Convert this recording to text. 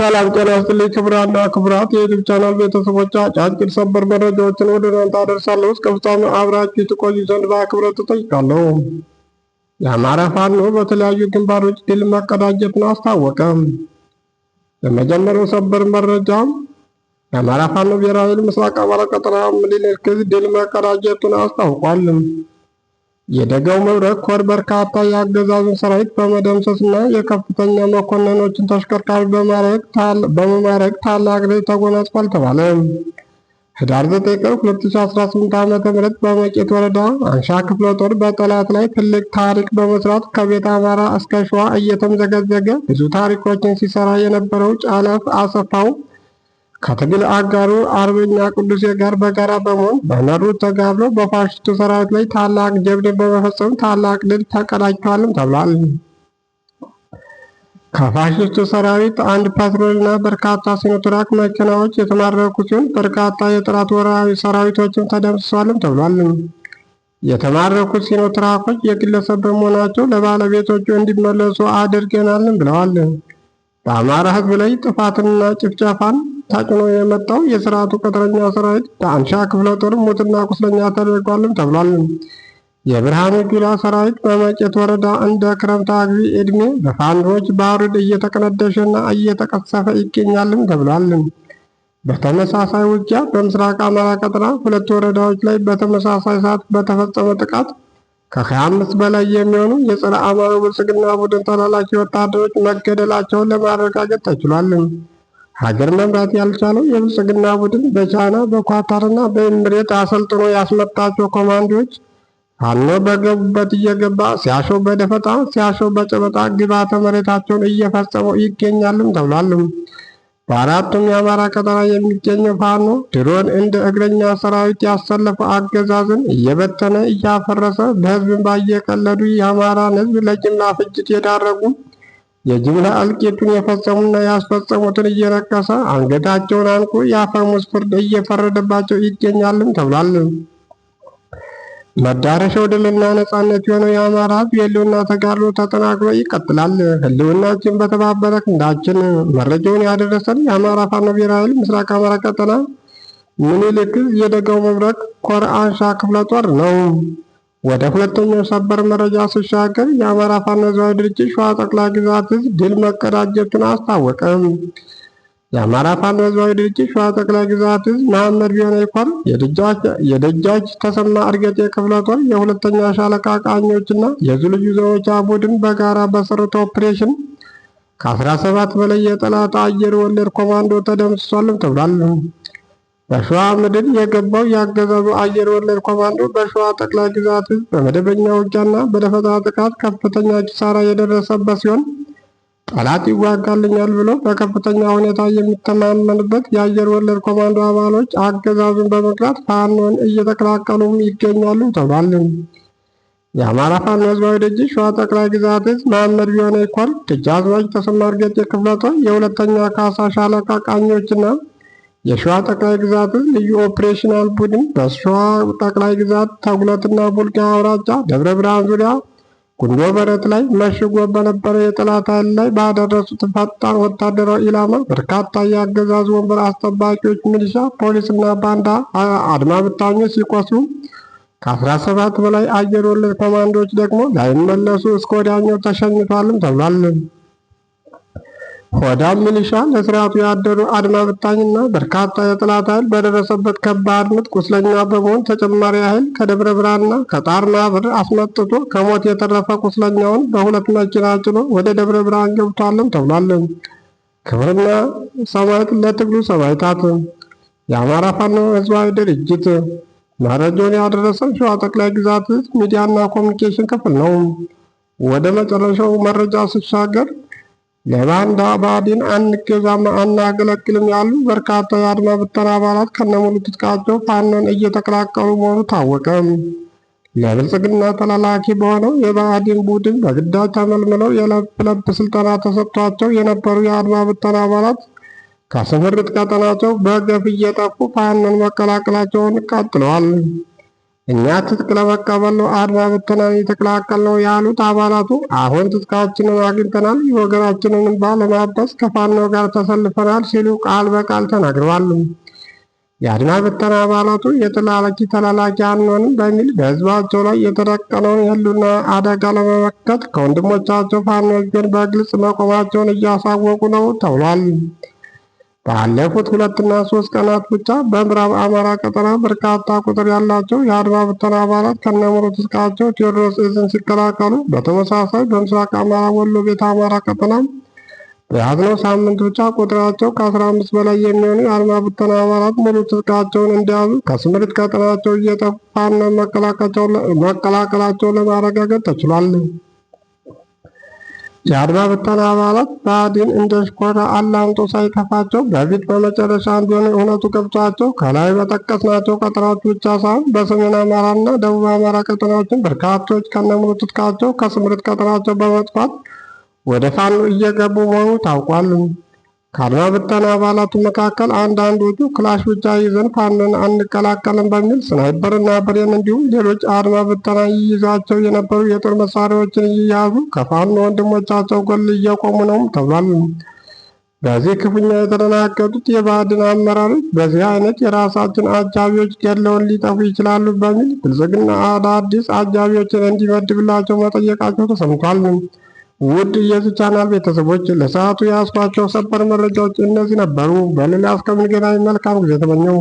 ሰላም ጤና ይስጥልኝ ክብራና ክብራት የዩቲዩብ ቻናል ቤተሰቦች፣ አጫጭር ሰበር መረጃዎችን ወደ እናንተ አደርሳለሁ። እስከ ፍጻሜው አብራችሁ ትቆዩ ዘንድ በአክብሮት ትጠይቃለሁ። የአማራ ፋኖ በተለያዩ ግንባሮች ድል መቀዳጀቱን አስታወቀ። በመጀመሪያው ሰበር መረጃ የአማራ ፋኖ ብሔራዊ ምስራቅ አማራ ቀጠና ምኒልክ ድል መቀዳጀቱን አስታውቋል። የደጋው መብረቅ ኮር በርካታ የአገዛዙን ሰራዊት በመደምሰስና የከፍተኛ መኮንኖችን ተሽከርካሪ በመማረክ ታላቅ ድል ተጎናጽፏል ተባለ። ህዳር 9 ቀን 2018 ዓ ም በመቄት ወረዳ አንሻ ክፍለ ጦር በጠላት ላይ ትልቅ ታሪክ በመስራት ከቤት አማራ እስከ ሸዋ እየተምዘገዘገ ብዙ ታሪኮችን ሲሰራ የነበረው ጫለፍ አሰፋው ከትግል አጋሩ አርበኛ ቅዱሴ ጋር በጋራ በመሆን በመሩት ተጋድሎ በፋሽስቱ ሰራዊት ላይ ታላቅ ጀብድ በመፈጸም ታላቅ ድል ተቀዳጅተዋልም ተብሏል። ከፋሽስቱ ሰራዊት አንድ ፓትሮልና በርካታ ሲኖትራክ መኪናዎች የተማረኩ ሲሆን በርካታ የጠላት ወራዊ ሰራዊቶችም ተደምስሷልም ተብሏል። የተማረኩት ሲኖትራኮች የግለሰብ በመሆናቸው ለባለቤቶቹ እንዲመለሱ አድርገናልም ብለዋል። በአማራ ሕዝብ ላይ ጥፋትንና ጭፍጨፋን ታጭኖ የመጣው የስርዓቱ ቅጥረኛ ሰራዊት በአንሻ ክፍለ ጦር ሙትና ቁስለኛ ተደርጓልም ተብሏል። የብርሃኑ ጁላ ሰራዊት በመቄት ወረዳ እንደ ክረምት አግቢ ዕድሜ በፋንዶች ባህሩድ እየተቀነደሸና እየተቀሰፈ ይገኛልም ተብሏል። በተመሳሳይ ውጊያ በምስራቅ አማራ ቀጠና ሁለት ወረዳዎች ላይ በተመሳሳይ ሰዓት በተፈጸመ ጥቃት ከ25 በላይ የሚሆኑ የጸረ አማራ ብልጽግና ቡድን ተላላኪ ወታደሮች መገደላቸውን ለማረጋገጥ ተችሏል። ሀገር መምራት ያልቻለው የብልጽግና ቡድን በቻይና በኳታርና በኤምሬት አሰልጥኖ ያስመጣቸው ኮማንዶዎች ፋኖ በገቡበት እየገባ ሲያሸው በደፈጣ ሲያሸው በጨበጣ ግብዓተ መሬታቸውን እየፈጸሙ ይገኛልም ተብሏል። በአራቱም የአማራ ቀጠና የሚገኘው ፋኖ ድሮን እንደ እግረኛ ሰራዊት ያሰለፈ አገዛዝን እየበተነ እያፈረሰ በህዝብን ባየቀለዱ የአማራን ህዝብ ለጅምላ ፍጅት የዳረጉ የጅምላ እልቂቱን የፈጸሙና ያስፈጸሙትን እየነቀሰ አንገታቸውን አንቆ የአፈሙዝ ፍርድ እየፈረደባቸው ይገኛልም ተብሏል። መዳረሻው ድልና ነጻነት የሆነው የአማራ የህልውና ተጋድሎ ተጠናክሮ ይቀጥላል። ህልውናችን በተባበረ ክንዳችን። መረጃውን ያደረሰን የአማራ ፋኖ ብሔራዊ ኃይል ምስራቅ አማራ ቀጠና ምኒልክ የደጋው መብረቅ ኮር አንሻ ክፍለ ጦር ነው። ወደ ሁለተኛው ሰበር መረጃ ሲሻገር የአማራ ፋኖ ድርጅት ሸዋ ጠቅላይ ግዛት ህዝብ ድል መቀዳጀቱን አስታወቀም። የአማራ ፋኖ ድርጅት ሸዋ ጠቅላይ ግዛት ህዝብ መሐመድ ቢሆነኝ ኮር የደጃጅ ተሰማ እርገጤ ክፍለ ጦር የሁለተኛ ሻለቃ ቃኞችና የዙ ልዩ ዘቦቻ ቡድን በጋራ በሰሩት ኦፕሬሽን ከ17 በላይ የጠላት አየር ወለድ ኮማንዶ ተደምስሷልም ተብሏል። በሸዋ ምድር የገባው የአገዛዙ አየር ወለድ ኮማንዶ በሸዋ ጠቅላይ ግዛት እዝ በመደበኛ ውጊያና በደፈጣ ጥቃት ከፍተኛ ኪሳራ የደረሰበት ሲሆን ጠላት ይዋጋልኛል ብሎ በከፍተኛ ሁኔታ የሚተማመንበት የአየር ወለድ ኮማንዶ አባሎች አገዛዙን በመግራት ፋኖን እየተቀላቀሉም ይገኛሉ ተብሏል። የአማራ ፋኖ ህዝባዊ ድርጅት ሸዋ ጠቅላይ ግዛት እዝ መሐመድ ቢሆነ ይኮር ደጃዝማች ተሰማ እርገጤ ክፍለ ጦር የሁለተኛ ካሳ ሻለቃ ቃኞችና የሸዋ ጠቅላይ ግዛት ልዩ ኦፕሬሽናል ቡድን በሸዋ ጠቅላይ ግዛት ተጉለትና ቡልጋ አውራጃ ደብረ ብርሃን ዙሪያ ጉንዶ በረት ላይ መሽጎ በነበረው የጠላት ኃይል ላይ ባደረሱት ፈጣን ወታደራዊ ኢላማ በርካታ የአገዛዙ ወንበር አስጠባቂዎች፣ ሚሊሻ፣ ፖሊስና ባንዳ አድማ ብታኞች ሲቆስሉ ከ17 በላይ አየር ወለድ ኮማንዶዎች ደግሞ ላይመለሱ እስከ ወዲያኛው ተሸኝቷልም ተብሏል። ሆዳም ሚሊሻ ለስርዓቱ ያደሩ አድማ ብታኝና በርካታ የጠላት ኃይል በደረሰበት ከባድ ምት ቁስለኛ በመሆን ተጨማሪ ኃይል ከደብረ ብርሃንና ከጣርና ብር አስመጥቶ ከሞት የተረፈ ቁስለኛውን በሁለት መኪና ጭኖ ወደ ደብረ ብርሃን ገብቷልም ተብሏለን። ክብርና ሰማዕት ለትግሉ ሰማዕታት የአማራ ፋኖ ህዝባዊ ድርጅት። መረጃውን ያደረሰው ሸዋ ጠቅላይ ግዛት ሚዲያና ኮሚኒኬሽን ክፍል ነው። ወደ መጨረሻው መረጃ ስሻገር ለባንዳ ባዲን አንገዛም አናገለግልም ያሉ በርካታ የአድማ ብተና አባላት ከነሙሉ ትጥቃቸው ፋኖን እየተቀላቀሉ መሆኑ ታወቀም። ለብልጽግና ተላላኪ በሆነው የባዲን ቡድን በግዳጅ ተመልምለው የለብለብ ስልጠና ተሰጥቷቸው የነበሩ የአድማ ብተና አባላት ከስምርት ቀጠናቸው በገፍ እየጠፉ ፋኖን መቀላቀላቸውን ቀጥለዋል። እኛ ትጥቅ ለመቀበል አድማ ብተናን ነው ያሉት አባላቱ አሁን ትጥቃችንን አግኝተናል፣ የወገናችንን ባለማበስ ከፋኖ ጋር ተሰልፈናል ሲሉ ቃል በቃል ተናግረዋል። የአድማ ብተና አባላቱ የተላላኪ ተላላኪ አንሆንም በሚል በህዝባቸው ላይ የተደቀነውን የህልውና አደጋ ለመመከት ከወንድሞቻቸው ፋኖች ግን በግልጽ መቆማቸውን እያሳወቁ ነው ተብሏል። ባለፉት ሁለትና ሶስት ቀናት ብቻ በምዕራብ አማራ ቀጠና በርካታ ቁጥር ያላቸው የአድማ ብተና አባላት ከነሙሉ ትጥቃቸው ቴዎድሮስ እዝን ሲቀላቀሉ፣ በተመሳሳይ በምስራቅ አማራ ወሎ ቤት አማራ ቀጠና በያዝነው ሳምንት ብቻ ቁጥራቸው ከ15 በላይ የሚሆኑ የአድማ ብተና አባላት ሙሉ ትጥቃቸውን እንዲያዙ ከስምሪት ቀጠናቸው እየጠፋና መቀላቀላቸውን ለማረጋገጥ ተችሏል። የአድማ ብተና አባላት ብአዴን እንደ ሽኮራ አላምጦ ሳይከፋቸው በፊት በመጨረሻ እንደሆነ እውነቱ ገብቷቸው ከላይ በጠቀስናቸው ቀጠናዎች ብቻ ሳይሆን በሰሜን አማራና ደቡብ አማራ ቀጠናዎችን በርካቶች ከነሙሉ ትጥቃቸው ከስምሪት ቀጠናቸው በመጥፋት ወደ ፋኖ እየገቡ መሆኑ ታውቋል። ከአድማ ብተና አባላቱ መካከል አንዳንዶቹ ክላሽ ብቻ ይዘን ፋኖን አንቀላቀልም በሚል ስናይበርና ብሬን እንዲሁም ሌሎች አድማ ብተና ይይዛቸው የነበሩ የጦር መሳሪያዎችን እየያዙ ከፋኖ ወንድሞቻቸው ጎን እየቆሙ ነው ተብሏል። በዚህ ክፉኛ የተደናገጡት የባዕድን አመራሮች በዚህ አይነት የራሳችን አጃቢዎች ገለውን ሊጠፉ ይችላሉ በሚል ብልጽግና አዳዲስ አጃቢዎችን እንዲመድብላቸው መጠየቃቸው ተሰምቷል። ውድ የዚህ ቻናል ቤተሰቦች ለሰዓቱ የያዝኳቸው ሰበር መረጃዎች እነዚህ ነበሩ። በሌላ እስከምንገናኝ መልካም ጊዜ ተመኘው።